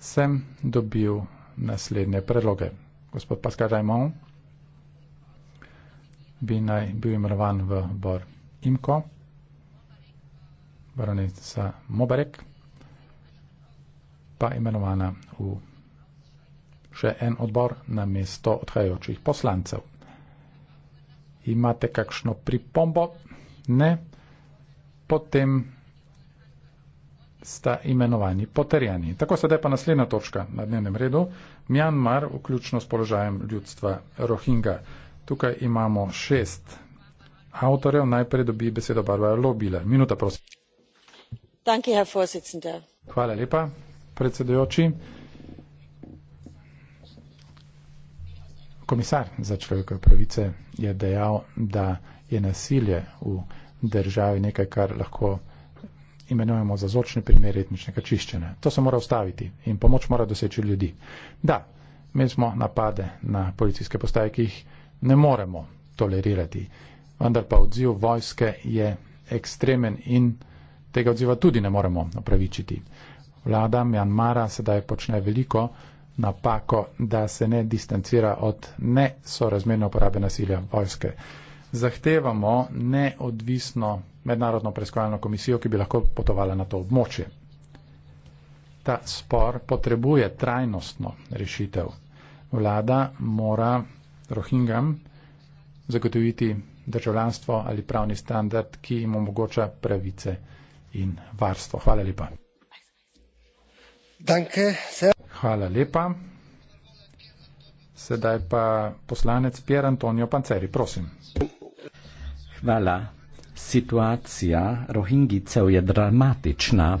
sem dobil naslednje predloge. Gospod Pascal Raymond bi naj bil imenovan v bor Imko, baronica Mobarek, pa imenovana v še en odbor na mesto odhajajočih poslancev. Imate kakšno pripombo? Ne. Potem sta imenovani poterjani. Tako sedaj pa naslednja točka na dnevnem redu, Mjanmar, vključno s položajem ljudstva Rohinga. Tukaj imamo šest avtorjev, najprej dobi besedo Barba Lobila. Minuta, prosim. Danke, Hvala lepa, predsedujoči. Komisar za človekove pravice je dejal, da je nasilje v državi nekaj, kar lahko imenujemo za zočni primer etničnega čiščenja. To se mora ustaviti in pomoč mora doseči ljudi. Da, imeli smo napade na policijske postaje, ki jih ne moremo tolerirati, vendar pa odziv vojske je ekstremen in tega odziva tudi ne moremo opravičiti. Vlada Mjanmara sedaj počne veliko napako, da se ne distancira od nesorazmerne uporabe nasilja vojske zahtevamo neodvisno mednarodno preiskovalno komisijo, ki bi lahko potovala na to območje. Ta spor potrebuje trajnostno rešitev. Vlada mora Rohingam zagotoviti državljanstvo ali pravni standard, ki jim omogoča pravice in varstvo. Hvala lepa. Danke, Hvala lepa. Sedaj pa poslanec Pier Antonio Panceri, prosim. Danke. Hvala. Situacija rohingicev je dramatična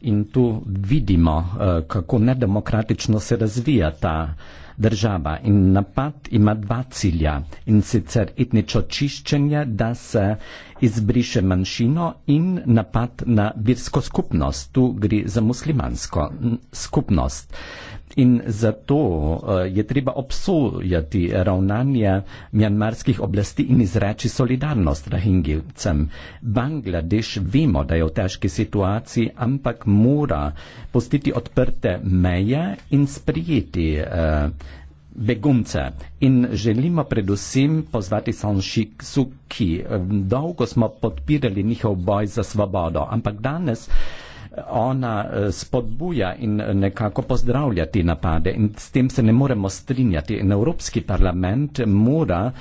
in tu vidimo, eh, kako nedemokratično se razvija ta država. In napad ima dva cilja in sicer etnično čiščenje, da se izbriše manjšino in napad na birsko skupnost. Tu gre za muslimansko mm, skupnost. In zato eh, je treba obsojati ravnanja mjanmarskih oblasti in izreči solidarnost Rahingilcem. Bangladeš vemo, da je v težki situaciji, ampak mora postiti odprte meje in sprijeti uh, begunce. In želimo predvsem pozvati Sanšik Suki. Eh, dolgo smo podpirali njihov boj za svobodo, ampak danes ona eh, spodbuja in eh, nekako pozdravlja te napade in s tem se ne moremo strinjati. In Evropski parlament mora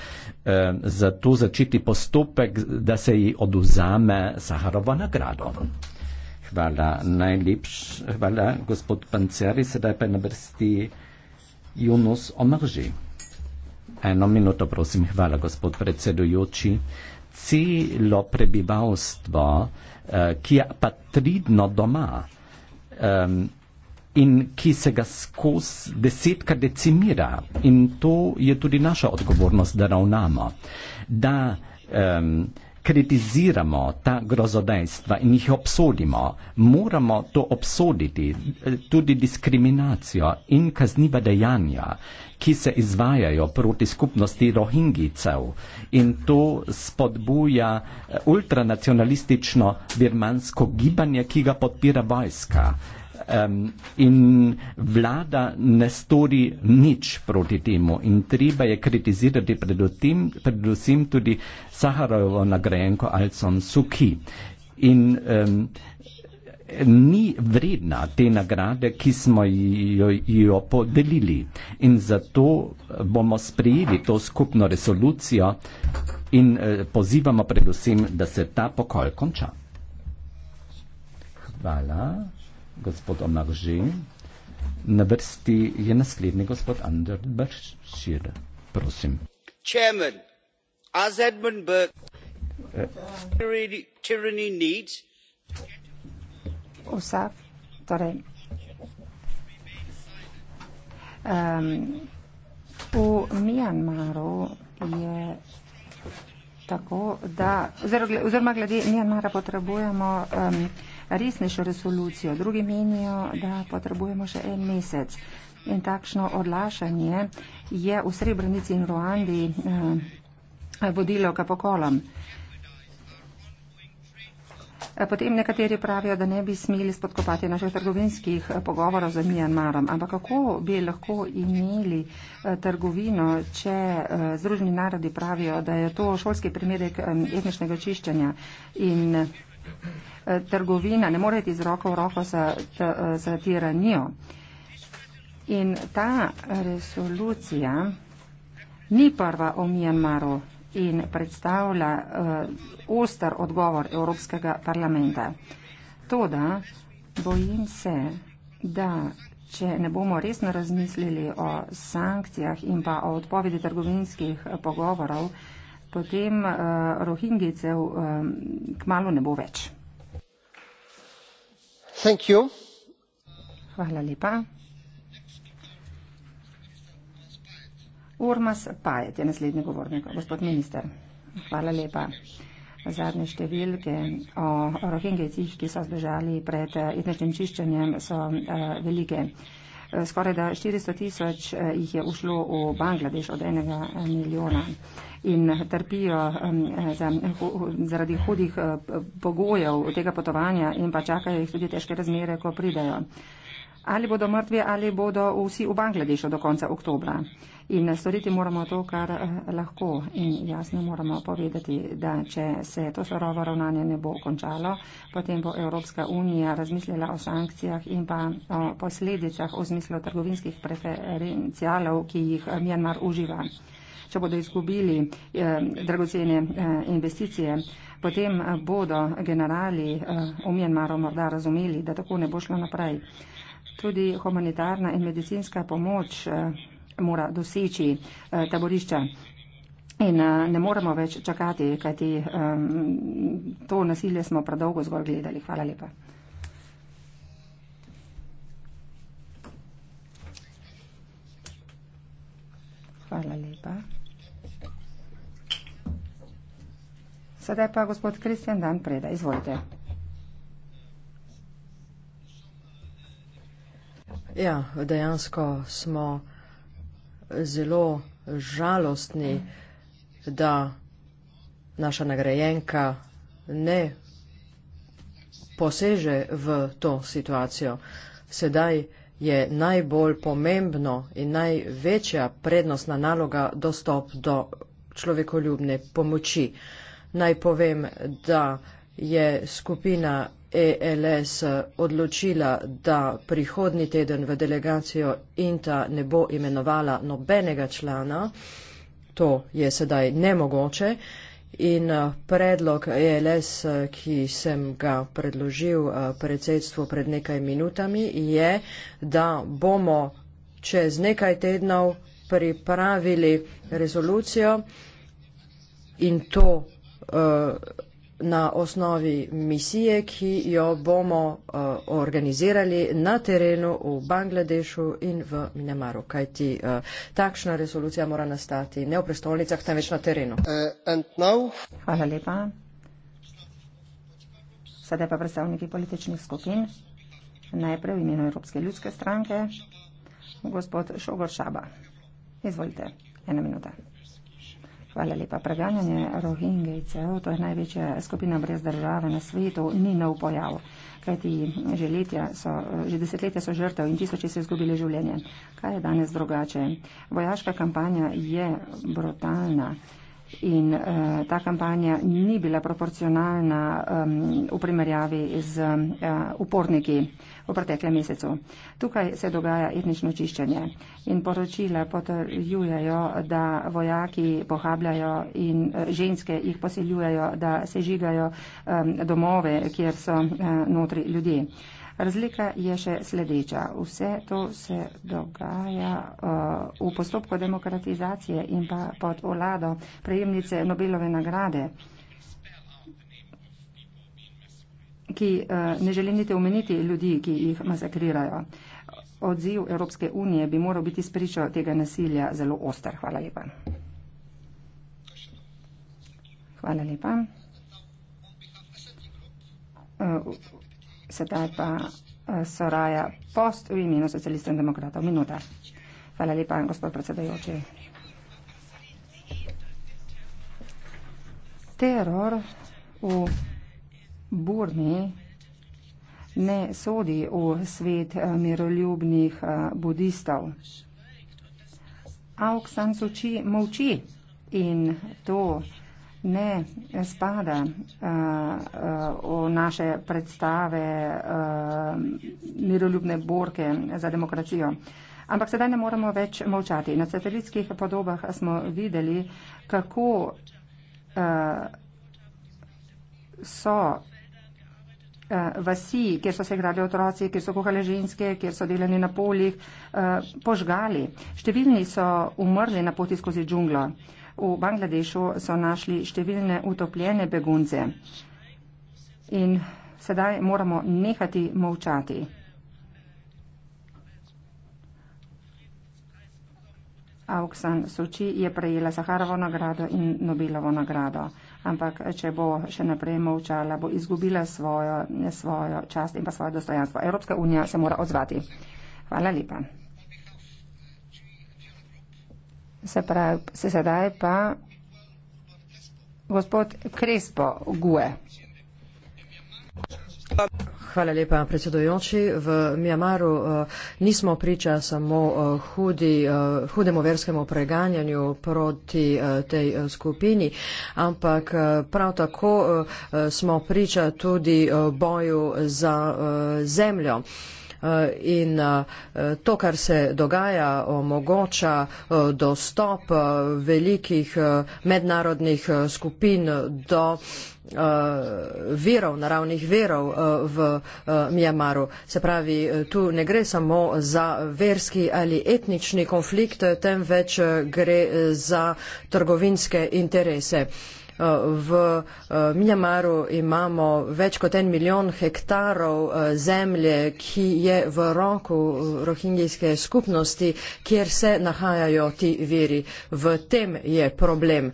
eh, zato začeti postopek, da se ji oduzame Saharova nagrado. Hvala najlepša, hvala gospod Panceri, sedaj pa je na vrsti Junus Omrži. Eno minuto prosim, hvala gospod predsedujoči celo prebivalstvo, eh, ki je patridno doma in ki se ga skozi desetka decimira. In to je tudi naša odgovornost, da ravnamo. Da, kritiziramo ta grozodejstva in jih obsodimo, moramo to obsoditi, eh, tudi diskriminacijo in kazniva dejanja, ki se izvajajo proti skupnosti rohingicev in to spodbuja eh, ultranacionalistično birmansko gibanje, ki ga podpira vojska. Um, in vlada ne stori nič proti temu. In treba je kritizirati predvsem, predvsem tudi Saharovo nagrajenko Alcon Suki. In um, ni vredna te nagrade, ki smo jo, jo podelili. In zato bomo sprejeli to skupno resolucijo in uh, pozivamo predvsem, da se ta pokol konča. Hvala gospod Omar Že. Na vrsti je naslednji gospod Ander Bršir. Prosim. Chairman, as Edmund Burke, tyranny, tyranny needs. Vsa, torej, um, v Mjanmaru je tako, da, oziroma glede Mjanmara potrebujemo um, resnejšo rezolucijo. Drugi menijo, da potrebujemo še en mesec. In takšno odlašanje je v Srebrenici in Ruandi eh, vodilo k pokolom. Eh, potem nekateri pravijo, da ne bi smeli spodkopati naših trgovinskih eh, pogovorov z Mijanmarom. Ampak kako bi lahko imeli trgovino, če Združeni narodi pravijo, da je to šolski primerek etničnega očiščanja in trgovina, ne morete iz roko v roko za, za tiranijo. In ta resolucija ni prva o Mjanmaru in predstavlja uh, eh, ostar odgovor Evropskega parlamenta. Toda bojim se, da če ne bomo resno razmislili o sankcijah in pa o odpovedi trgovinskih pogovorov, uh, potem uh, eh, rohingjcev um, eh, kmalo ne bo več. Thank you. Hvala lepa. Urmas Pajet je naslednji govornik, gospod minister. Hvala lepa. Zadnje številke o rohingjcih, ki so zbežali pred eh, etničnim čiščenjem, so uh, velike skoraj da 400 tisoč eh, jih je ušlo v Bangladeš od enega eh, milijona in trpijo eh, za, zaradi hudih pogojev tega potovanja in pa čakajo jih tudi težke razmere, ko pridejo ali bodo mrtvi ali bodo vsi v Bangladešu do konca oktobra. In storiti moramo to, kar eh, lahko. In jasno moramo povedati, da če se to sorovo ravnanje ne bo končalo, potem bo Evropska unija razmislila o sankcijah in pa o posledicah v smislu trgovinskih preferencialov, ki jih eh, Mjanmar uživa. Če bodo izgubili eh, dragocene eh, investicije, potem eh, bodo generali eh, v Mjanmaru morda razumeli, da tako ne bo šlo naprej. Eh, tudi humanitarna in medicinska pomoč eh, mora doseči eh, taborišča. In eh, ne moremo več čakati, kajti to nasilje smo predolgo zgolj gledali. Hvala lepa. Hvala lepa. Sedaj pa gospod Kristjan Dan Preda. Izvolite. Ja, dejansko smo zelo žalostni, da naša nagrajenka ne poseže v to situacijo. Sedaj je najbolj pomembno in največja prednostna naloga dostop do človekoljubne pomoči. Naj povem, da je skupina ELS odločila, da prihodni teden v delegacijo INTA ne bo imenovala nobenega člana, to je sedaj nemogoče. In eh, predlog ELS, ki sem ga predložil eh, predsedstvu pred nekaj minutami, je, da bomo čez nekaj tednov pripravili rezolucijo in to uh, na osnovi misije, ki jo bomo uh, organizirali na terenu v Bangladešu in v Minamaru. Kajti uh, takšna resolucija mora nastati ne v prestolnicah, temveč na terenu. Eh, Hvala lepa. Sedaj pa predstavniki političnih skupin. Najprej v imenu Evropske ljudske stranke, gospod Šogor Šaba. Izvolite, ena minuta. Hvala lepa. Preganjanje rohingejcev, to je največja skupina brez države na svetu, ni nov pojav. Kajti že, so, že desetletja so žrtev in tisoče se izgubili življenje. Kaj je danes drugače? Vojaška kampanja je brutalna in uh, ta kampanja ni bila proporcionalna um, v primerjavi z uh, uporniki v preteklem mesecu. Tukaj se dogaja etnično očiščenje in poročila potrjujejo, da vojaki pohabljajo in uh, ženske jih posiljujejo, da se žigajo um, domove, kjer so uh, notri ljudje. Uh, Razlika je še sledeča. Vse to se dogaja uh, v postopku demokratizacije in pa pod vlado prejemnice Nobelove nagrade ki uh, ne želim niti omeniti ljudi, ki jih masakrirajo. Odziv Evropske unije bi moral biti spričo tega nasilja zelo oster. Hvala lepa. Hvala lepa. Uh, sedaj pa eh, Soraja Post v imenu socialistov in demokratov. Minuta. Hvala lepa, gospod predsedajoči. Teror v Burni ne sodi v svet eh, miroljubnih eh, budistov. Aung San Suu Kyi molči in to je ne spada uh, uh, v naše predstave uh, miroljubne borke za demokracijo. Ampak sedaj ne moremo več molčati. Na satelitskih podobah smo videli, kako uh, so uh, vasi, kjer so se igrali otroci, kjer so kuhale ženske, kjer so delali na poljih, uh, požgali. Številni so umrli na poti skozi džunglo. Uh, V Bangladešu so našli številne utopljene begunce in sedaj moramo nehati molčati. Aung San Suu Kyi je prejela Saharovo nagrado in Nobelovo nagrado, ampak če bo še naprej molčala, bo izgubila svojo, svojo čast in pa svoje dostojanstvo. Evropska unija se mora odzvati. Hvala lepa se pravi, se sedaj pa gospod Krespo Gue. Hvala lepa, predsedojoči. V Mjamaru uh, nismo priča samo uh, hudi, uh, hudemu verskemu preganjanju proti uh, tej uh, skupini, ampak uh, prav tako uh, smo priča tudi uh, boju za uh, zemljo. Uh, Eh, in eh, to, kar se dogaja, omogoča eh, dostop velikih mednarodnih skupin do virov, naravnih virov v Mjamaru. Se pravi, tu ne gre samo za verski ali etnični konflikt, temveč gre za trgovinske interese v eh, Mjamaru imamo več kot en milijon hektarov eh, zemlje, ki je v roku eh, rohingijske skupnosti, kjer se nahajajo ti viri. V tem je problem.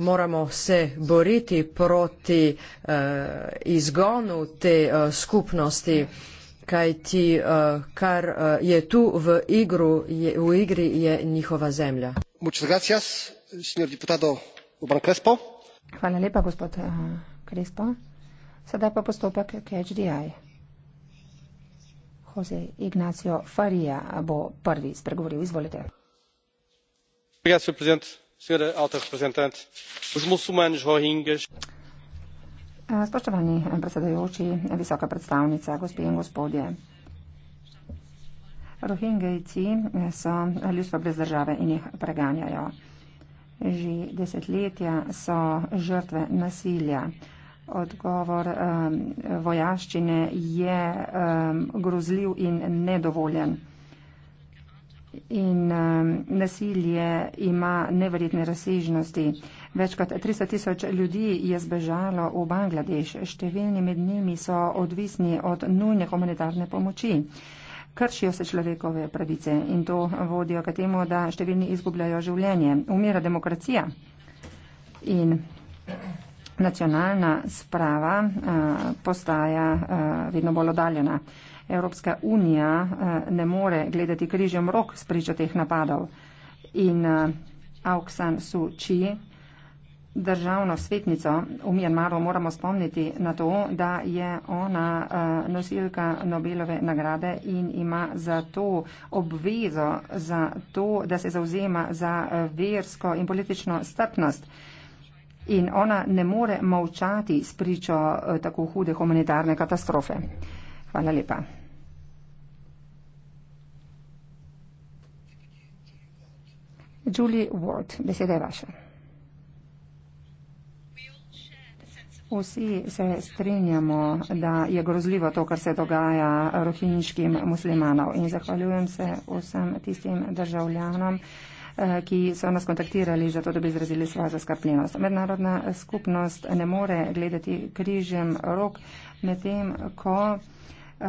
Moramo se boriti proti uh, izgonu te uh, skupnosti, kajti uh, kar uh, je tu v, igru, je, v igri, je njihova zemlja. Muchas gracias, señor diputado gospod Krespo. Hvala lepa, gospod Krespo. Eh, Sedaj pa postopek KHDI. Jose Ignacio Farija bo prvi spregovoril. Izvolite. Eh, spoštovani eh, predsedujoči, visoka predstavnica, gospe in gospodje. Rohingejci so ljudstvo brez države in jih preganjajo že desetletja so žrtve nasilja. Odgovor um, vojaščine je um, grozljiv in nedovoljen. In um, nasilje ima neverjetne razsežnosti. Več kot 300 tisoč ljudi je zbežalo v Bangladeš. Številni med njimi so odvisni od nujne humanitarne pomoči kršijo se človekove pravice in to vodijo k temu, da številni izgubljajo življenje. Umira demokracija in nacionalna sprava eh, postaja eh, vedno bolj odaljena. Evropska unija eh, ne more gledati križem rok spričo teh napadov. In Aung San Suu Kyi, državno svetnico v Mjanmaru moramo spomniti na to, da je ona eh, nosilka Nobelove nagrade in ima za to obvezo, za to, da se zauzema za eh, versko in politično strpnost. In ona ne more molčati s pričo eh, tako hude humanitarne katastrofe. Hvala lepa. Julie Ward, beseda je vaša. Vsi se strinjamo, da je grozljivo to, kar se dogaja rohinjskim muslimanom. In zahvaljujem se vsem tistim državljanom, eh, ki so nas kontaktirali, zato da bi izrazili svojo zaskrbljenost. Mednarodna skupnost ne more gledati križem rok, medtem ko. Uh,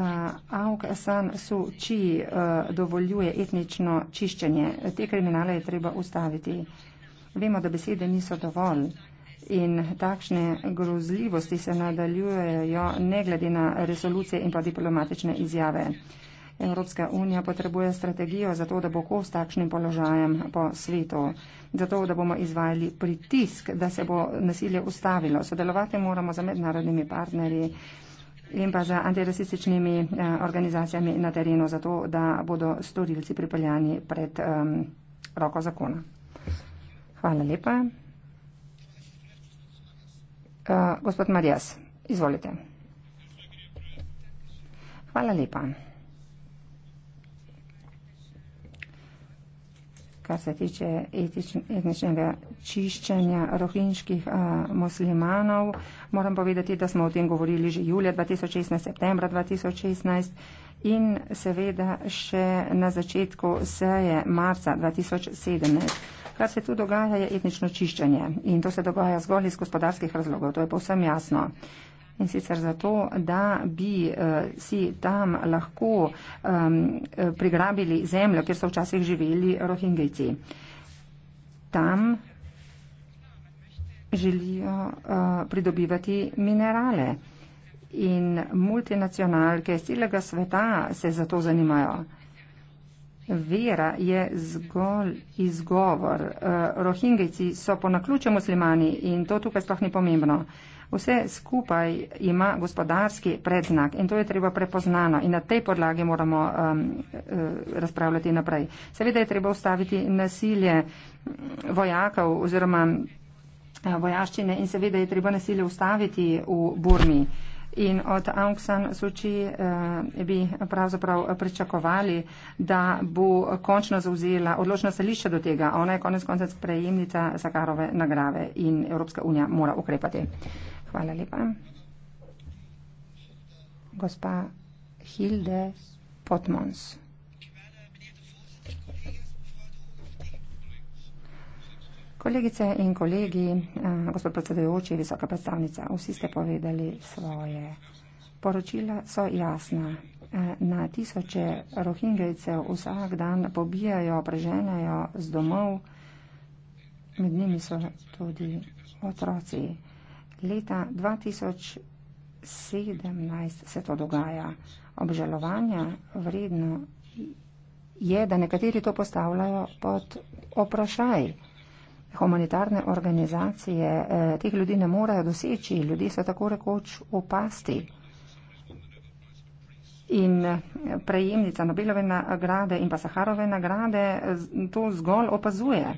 Aung San Suu Kyi uh, dovoljuje etnično čiščenje. Te kriminale je treba ustaviti. Vemo, da besede niso dovolj. Uh, In takšne grozljivosti se nadaljujejo ne glede na resolucije in pa diplomatične izjave. Evropska unija potrebuje strategijo za to, da bo kos takšnim položajem po svetu, za to, da bomo izvajali pritisk, da se bo nasilje ustavilo. Sodelovati moramo za mednarodnimi partnerji in pa za antirasističnimi eh, organizacijami na terenu, za to, da bodo storilci pripeljani pred um, roko zakona. Hvala lepa. Eh, gospod Marijas, izvolite. Hvala lepa. Kar se tiče etničnega čiščenja rohinjskih eh, muslimanov, moram povedati, da smo o tem govorili že julija 2016, septembra 2016 in seveda še na začetku seje marca 2017. Kar se tu dogaja, je etnično čiščenje in to se dogaja zgolj iz gospodarskih razlogov, to je povsem jasno. In sicer zato, da bi uh, si tam lahko um, prigrabili zemljo, kjer so včasih živeli rohingejci. Tam želijo uh, pridobivati minerale in multinacionalke celega sveta se za to zanimajo. Vera je zgolj izgovor. Eh, Rohingjci so po naključju muslimani in to tukaj sploh ni pomembno. Vse skupaj ima gospodarski predznak in to je treba prepoznano in na tej podlagi moramo um, razpravljati naprej. Seveda je treba ustaviti nasilje mm, vojakov oziroma eh, vojaščine in seveda je treba nasilje ustaviti v Burmi. Uh, In od Aung San Suu Kyi eh, bi pravzaprav pričakovali, da bo končno zauzela odločno stališče do tega. Ona je konec koncec prejemnica Zakarove nagrave in Evropska unija mora ukrepati. Hvala lepa. Gospa Hilde Potmons. Kolegice in kolegi, eh, gospod predsedujoči, visoka predstavnica, vsi ste povedali svoje. Poročila so jasna. Eh, na tisoče rohingejcev vsak dan pobijajo, preženajo z domov, med njimi so tudi otroci. Leta 2017 se to dogaja. Obžalovanja vredno je, da nekateri to postavljajo pod vprašaj humanitarne organizacije eh, teh ljudi ne morejo doseči, ljudje so tako rekoč opasti. In eh, prejemnica Nobelove nagrade in pa Saharove nagrade to zgolj opazuje.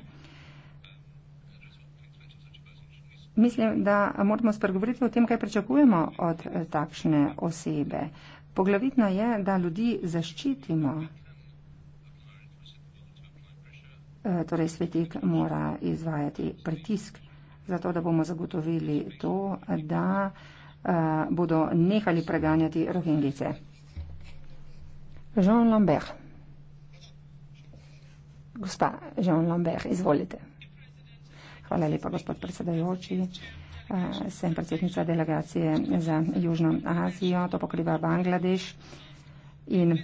Mislim, da moramo spregovoriti o tem, kaj pričakujemo od eh, takšne osebe. Poglavitno je, da ljudi zaščitimo Eh, torej svetik mora izvajati pritisk, zato da bomo zagotovili to, da eh, bodo nehali preganjati rohingice. Jean Lambert. Gospa Jean Lambert, izvolite. Hvala lepa, gospod predsedajoči. Eh, sem predsednica delegacije za Južno Azijo, to pokriva Bangladeš. In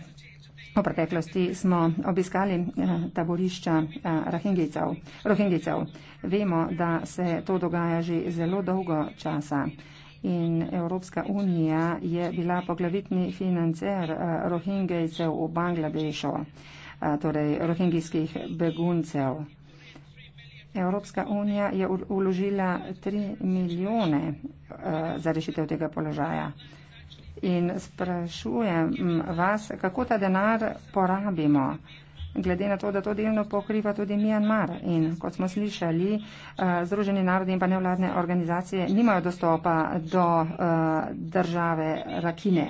V preteklosti smo obiskali eh, taborišča eh, Rohingicev. Rohingicev. Vemo, da se to dogaja že zelo dolgo časa in Evropska unija je bila poglavitni financer eh, Rohingicev v Bangladešu, torej rohingijskih beguncev. Evropska unija je uložila 3 milijone za rešitev tega položaja. In sprašujem vas, kako ta denar porabimo, glede na to, da to delno pokriva tudi Mjanmar. In kot smo slišali, eh, Združeni narodi in pa nevladne organizacije nimajo dostopa do eh, države Rakine.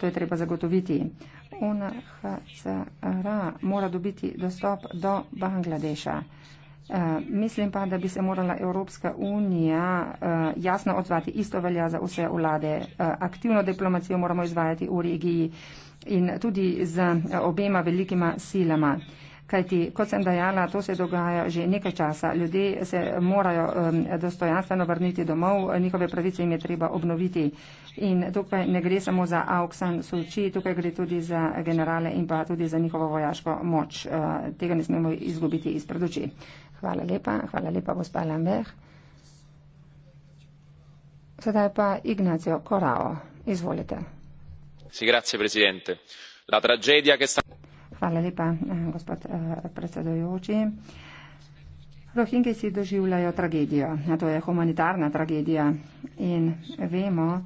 To je treba zagotoviti. UNHCR mora dobiti dostop do Bangladeša. Eh, mislim pa, da bi se morala Evropska unija eh, jasno odzvati. Isto velja za vse vlade. Eh, aktivno diplomacijo moramo izvajati v regiji in tudi z obema velikima silama. Kajti, kot sem dejala, to se dogaja že nekaj časa. Ljudje se morajo um, dostojanstveno vrniti domov, njihove pravice jim je treba obnoviti. In tukaj ne gre samo za Auksan Suči, tukaj gre tudi za generale in pa tudi za njihovo vojaško moč. Uh, tega ne smemo izgubiti iz preduči. Hvala lepa, hvala lepa, gospa Lambeh. Sedaj pa Ignacio Korao. Izvolite. Si, grazie, La tragedia che sta... Hvala lepa, eh, gospod eh, predsedujoči. Rohingi si doživljajo tragedijo, to je humanitarna tragedija in vemo,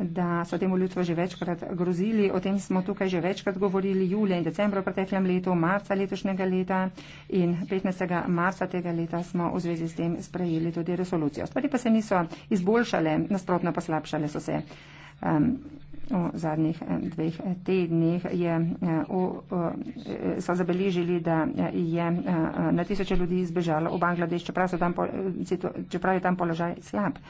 da so temu ljudstvu že večkrat grozili, o tem smo tukaj že večkrat govorili, julija in decembra v preteklem letu, marca letošnjega leta in 15. marca tega leta smo v zvezi s tem sprejeli tudi resolucijo. Stvari pa se niso izboljšale, nasprotno poslabšale so se. Um, v zadnjih eh, dveh eh, tednih je, eh, o, o, so zabeležili, da je na tisoče ljudi izbežalo v Bangladeš, čeprav, tam po, čeprav je tam položaj slab.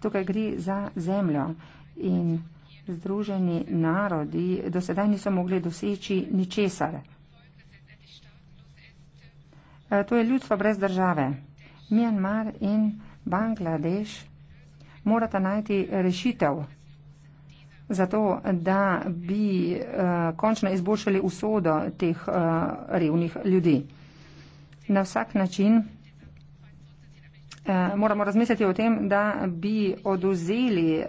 Tukaj gre za zemljo in združeni narodi do sedaj niso mogli doseči ničesar. To je ljudstvo brez države. Mjanmar in Bangladeš morata najti rešitev zato da bi uh, končno izboljšali usodo teh uh, revnih ljudi. Na vsak način uh, moramo razmisliti o tem, da bi oduzeli uh,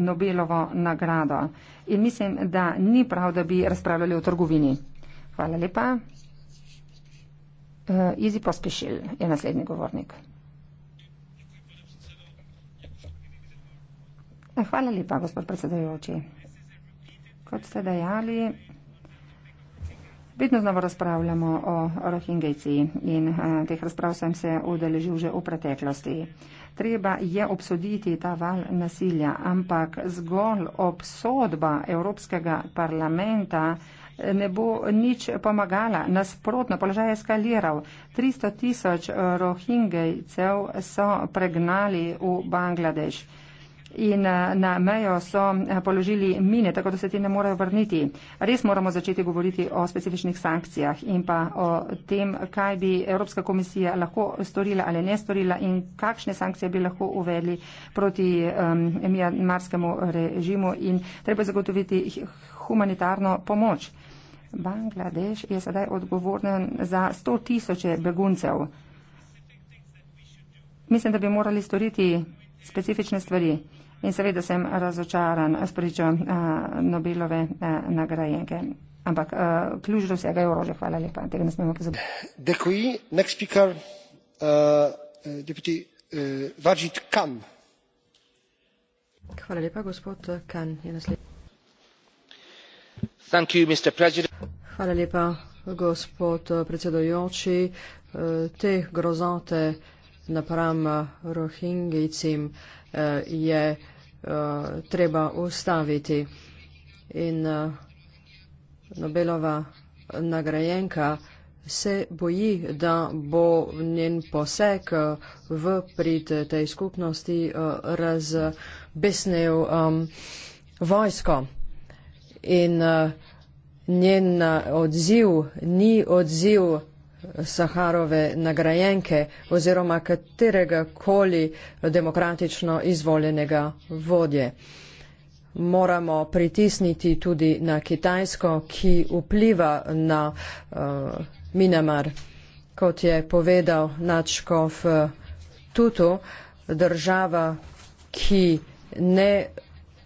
Nobelovo nagrado. In mislim, da ni prav, da bi razpravljali o trgovini. Hvala lepa. Uh, Izi pospešil je naslednji govornik. Hvala lepa, gospod predsedujoči. Kot ste dejali, vedno znova razpravljamo o Rohingjci in a, eh, teh razprav sem se udeležil že v preteklosti. Treba je obsoditi ta val nasilja, ampak zgolj obsodba Evropskega parlamenta eh, ne bo nič pomagala. Nasprotno, položaj je eskaliral. 300 tisoč Rohingjcev so pregnali v Bangladeš in eh, na mejo so eh, položili mine, tako da se ti ne morejo vrniti. Res moramo začeti govoriti o specifičnih sankcijah in pa o tem, kaj bi Evropska komisija lahko storila ali ne storila in kakšne sankcije bi lahko uvedli proti um, mijanmarskemu režimu in treba zagotoviti humanitarno pomoč. Bangladeš je sedaj odgovoren za 100 tisoče beguncev. Mislim, da bi morali storiti specifične stvari. In seveda sem razočaran s pričo eh, Nobelove eh, nagrajenke. Ampak uh, ključ do vsega je orožje. Hvala lepa. Tega ne smemo pozabiti. Dekoji, next speaker, uh, deputy uh, Vajit Khan. Hvala lepa, gospod Khan je naslednji. You, Hvala lepa, gospod predsedojoči. Te grozote napram Rohingicim je. Uh, Eh, treba ustaviti. In uh, Nobelova nagrajenka se boji, da bo njen poseg eh, v prid tej skupnosti razbesnil um, vojsko. In uh, njen odziv ni odziv Saharove nagrajenke oziroma katerega koli demokratično izvoljenega vodje. Moramo pritisniti tudi na Kitajsko, ki vpliva na uh, eh, Minamar. Kot je povedal Načkov eh, Tutu, država, ki ne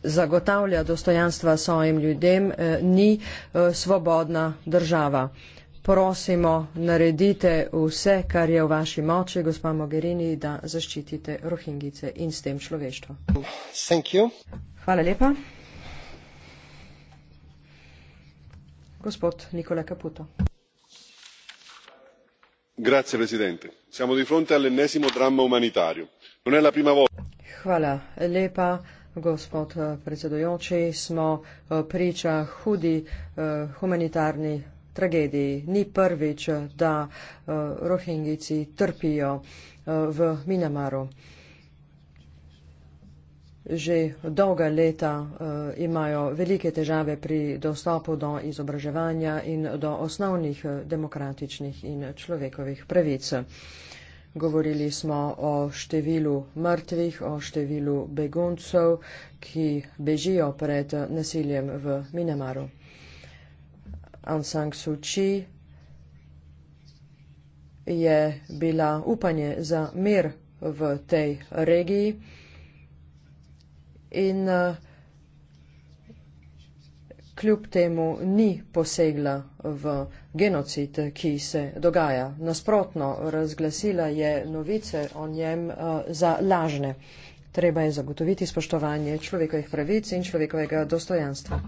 zagotavlja dostojanstva svojim ljudem, eh, ni svobodna država prosimo, naredite vse, kar je v vaši moči, gospa Mogherini, da zaščitite rohingice in s tem človeštvo. Hvala lepa. Gospod Nikola Caputo. Grazie, presidente. Siamo di fronte all'ennesimo dramma umanitario. Non è la prima volta. Hvala lepa, gospod predsedujoči. Smo eh, priča hudi uh, humanitarni tragediji. Ni prvič, da uh, eh, rohingici trpijo uh, v Minamaru. Že dolga leta uh, imajo velike težave pri dostopu do izobraževanja in do osnovnih demokratičnih in človekovih pravic. Govorili smo o številu mrtvih, o številu beguncev, ki bežijo pred nasiljem v Minamaru. Aung San Suu Kyi je bila upanje za mir v tej regiji in eh, kljub temu ni posegla v genocid, ki se dogaja. Nasprotno, razglasila je novice o njem eh, za lažne. Treba je zagotoviti spoštovanje človekovih pravic in človekovega dostojanstva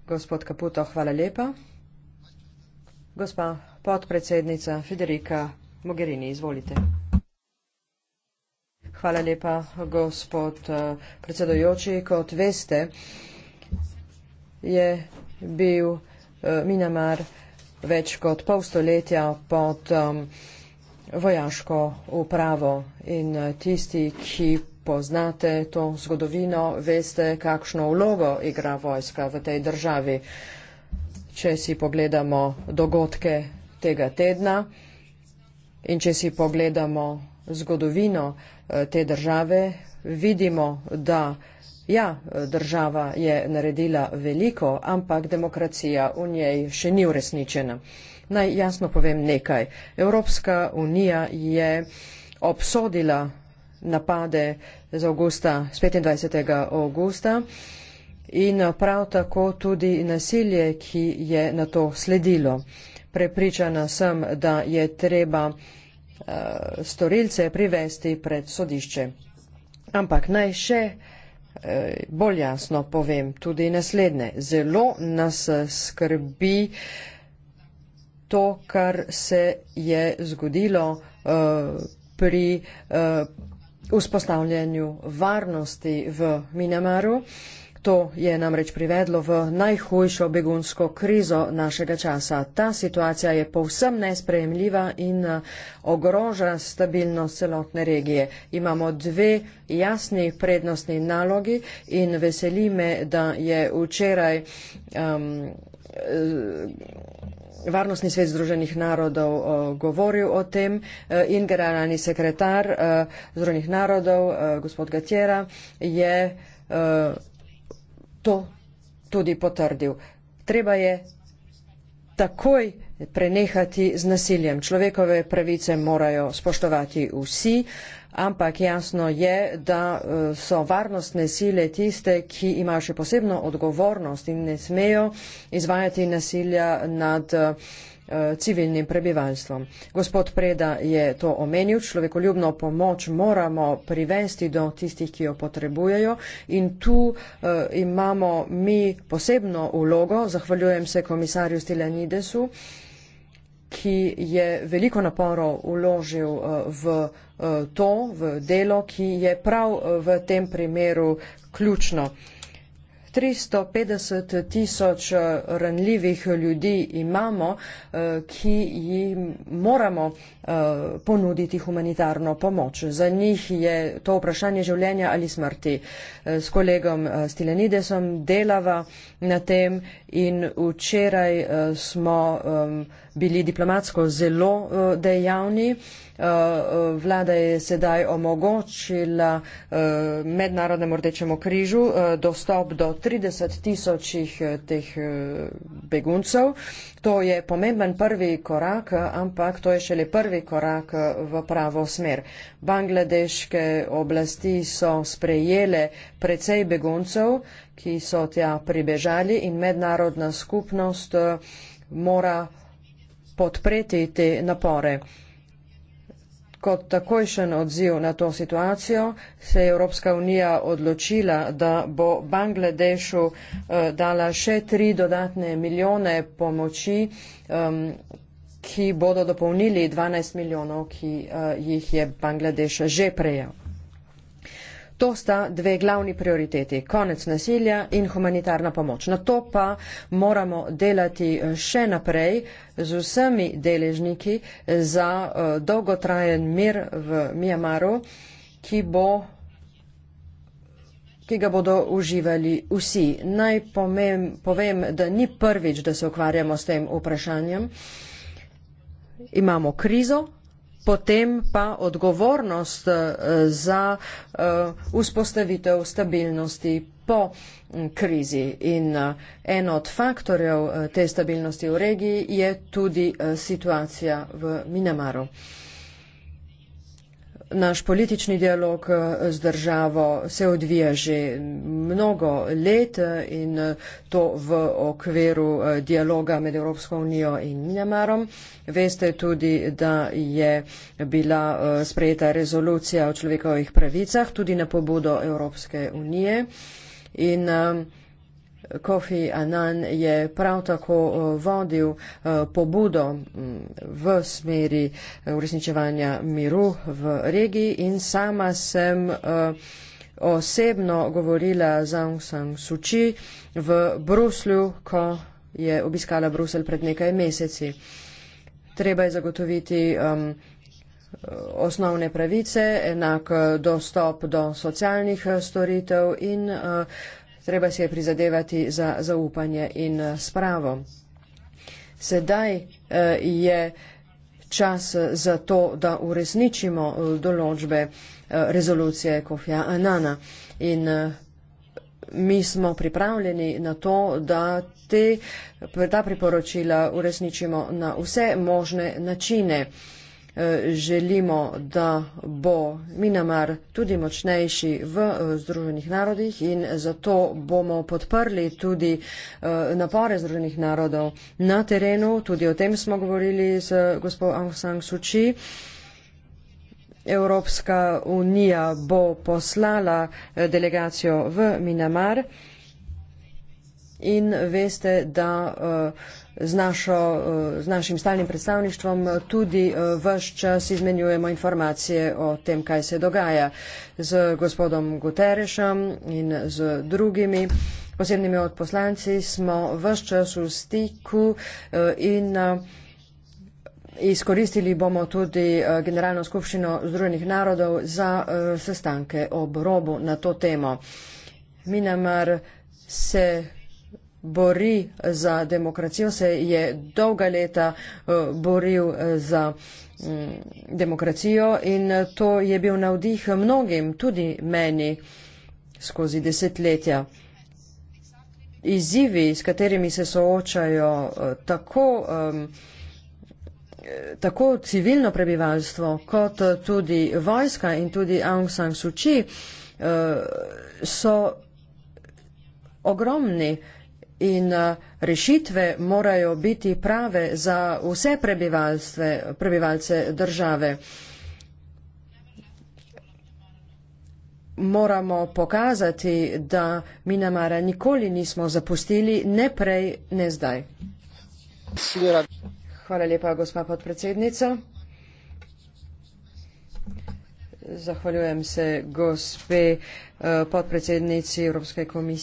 gospod caputo hvala lepa gospa podpredsednica federica mogherini izvolite hvala lepa gospod eh, predsedujoči kot veste je bil eh, minamar več kot pol stoletja pod um, vojaško upravo in tisti ki poznate to zgodovino, veste, kakšno vlogo igra vojska v tej državi. Če si pogledamo dogodke tega tedna in če si pogledamo zgodovino eh, te države, vidimo, da ja, država je naredila veliko, ampak demokracija v njej še ni uresničena. Naj jasno povem nekaj. Evropska unija je obsodila napade z avgusta s petindvajset avgusta in prav tako tudi nasilje ki je na to sledilo prepričana sem da je treba uh, storilce privesti pred sodišče ampak naj še eh, bolj jasno povem tudi naslednje. Zelo nas eh, skrbi to, kar se je zgodilo uh, pri uh, vzpostavljanju varnosti v Minamaru. To je namreč privedlo v najhujšo begunsko krizo našega časa. Ta situacija je povsem nesprejemljiva in eh, ogroža stabilnost celotne regije. Imamo dve jasni prednostni nalogi in veseli me, da je včeraj. Um, Varnostni svet Združenih narodov govoril o tem e, in generalni sekretar e, Združenih narodov, e, gospod Gatjera, je to tudi potrdil. Treba je takoj prenehati z nasiljem. Človekove pravice morajo spoštovati vsi ampak jasno je, da eh, so varnostne sile tiste, ki imajo še posebno odgovornost in ne smejo izvajati nasilja nad eh, civilnim prebivalstvom. Gospod Preda je to omenil, človekoljubno pomoč moramo privesti do tistih, ki jo potrebujejo in tu uh, imamo mi posebno ulogo, zahvaljujem se komisarju Stilanidesu, uh, ki je veliko naporov uložil eh, v eh, to, v delo, ki je prav eh, v tem primeru ključno. 350 tisoč ranljivih ljudi imamo, ki jih moramo Eh, ponuditi humanitarno pomoč. Za njih je to vprašanje življenja ali smrti. Eh, s kolegom eh, Stilenidesom delava na tem in včeraj smo bili diplomatsko zelo dejavni. Vlada je sedaj omogočila mednarodnemu rdečemu križu dostop do 30 tisočih teh beguncev, To je pomemben prvi korak, ampak to je šele prvi korak v pravo smer. Bangladeške oblasti so sprejele precej beguncev, ki so tja pribežali in mednarodna skupnost eh, mora podpreti te napore. Kot takojšen odziv na to situacijo se je Evropska unija odločila, da bo Bangladešu eh, dala še tri dodatne milijone pomoči, ki bodo dopolnili 12 milijonov, ki eh, jih je Bangladeš že prejel. To sta dve glavni prioriteti, konec nasilja in humanitarna pomoč. Na to pa moramo delati eh, še naprej z vsemi deležniki za eh, dolgotrajen mir v Mjamaru, ki bo ki ga bodo uživali vsi. Naj pomem, povem, da ni prvič, da se ukvarjamo s tem vprašanjem. Imamo krizo, potem pa odgovornost eh, za eh, vzpostavitev stabilnosti po mm, krizi. In eh, en od faktorjev te stabilnosti v regiji je tudi situacija v Minamaru. Naš politični dialog eh, z državo se odvija že mnogo let eh, in eh, to v okviru dialoga med Evropsko unijo in Mjamarom. Veste tudi, da je bila sprejeta rezolucija o človekovih pravicah tudi na pobudo Evropske unije. In, um, Kofi Anan je prav tako eh, vodil eh, pobudo mm, v smeri eh, uresničevanja miru v regiji in sama sem osebno govorila z Aung San Suu Kyi v Bruslju, ko je obiskala Bruselj pred nekaj meseci. Treba je zagotoviti osnovne pravice, enak dostop do socialnih storitev in uh, Treba si je prizadevati za zaupanje in eh, spravo. Sedaj eh, je čas za to, da uresničimo eh, določbe rezolucije Kofja Anana. In mi smo pripravljeni na to, da te, ta priporočila uresničimo na vse možne načine želimo, da bo Minamar tudi močnejši v eh, Združenih narodih in zato bomo podprli tudi eh, napore Združenih narodov na terenu. Tudi o tem smo govorili z gospod Aung San Suu Kyi. Evropska unija bo poslala eh, delegacijo v Minamar in veste, da uh, z, našo, eh, z našim stalnim predstavništvom tudi eh, vaš čas izmenjujemo informacije o tem, kaj se dogaja z gospodom Guterešem in z drugimi. Posebnimi odposlanci smo vaš čas v stiku eh, in izkoristili bomo tudi Generalno skupščino Združenih narodov za sestanke ob robu na to temo. Minamar se bori za demokracijo, se je dolga leta eh, boril eh, za mm, demokracijo in eh, to je bil navdih mnogim, tudi meni, skozi desetletja. Izzivi, s katerimi se soočajo tako, tako civilno prebivalstvo, kot tudi vojska in tudi Aung San Suu Kyi, so ogromni in eh, rešitve morajo biti prave za vse prebivalce države. Moramo pokazati, da Minamara nikoli nismo zapustili, ne prej, ne zdaj. Hvala lepa, gospa podpredsednica. Zahvaljujem se gospe eh, podpredsednici Evropske komisije.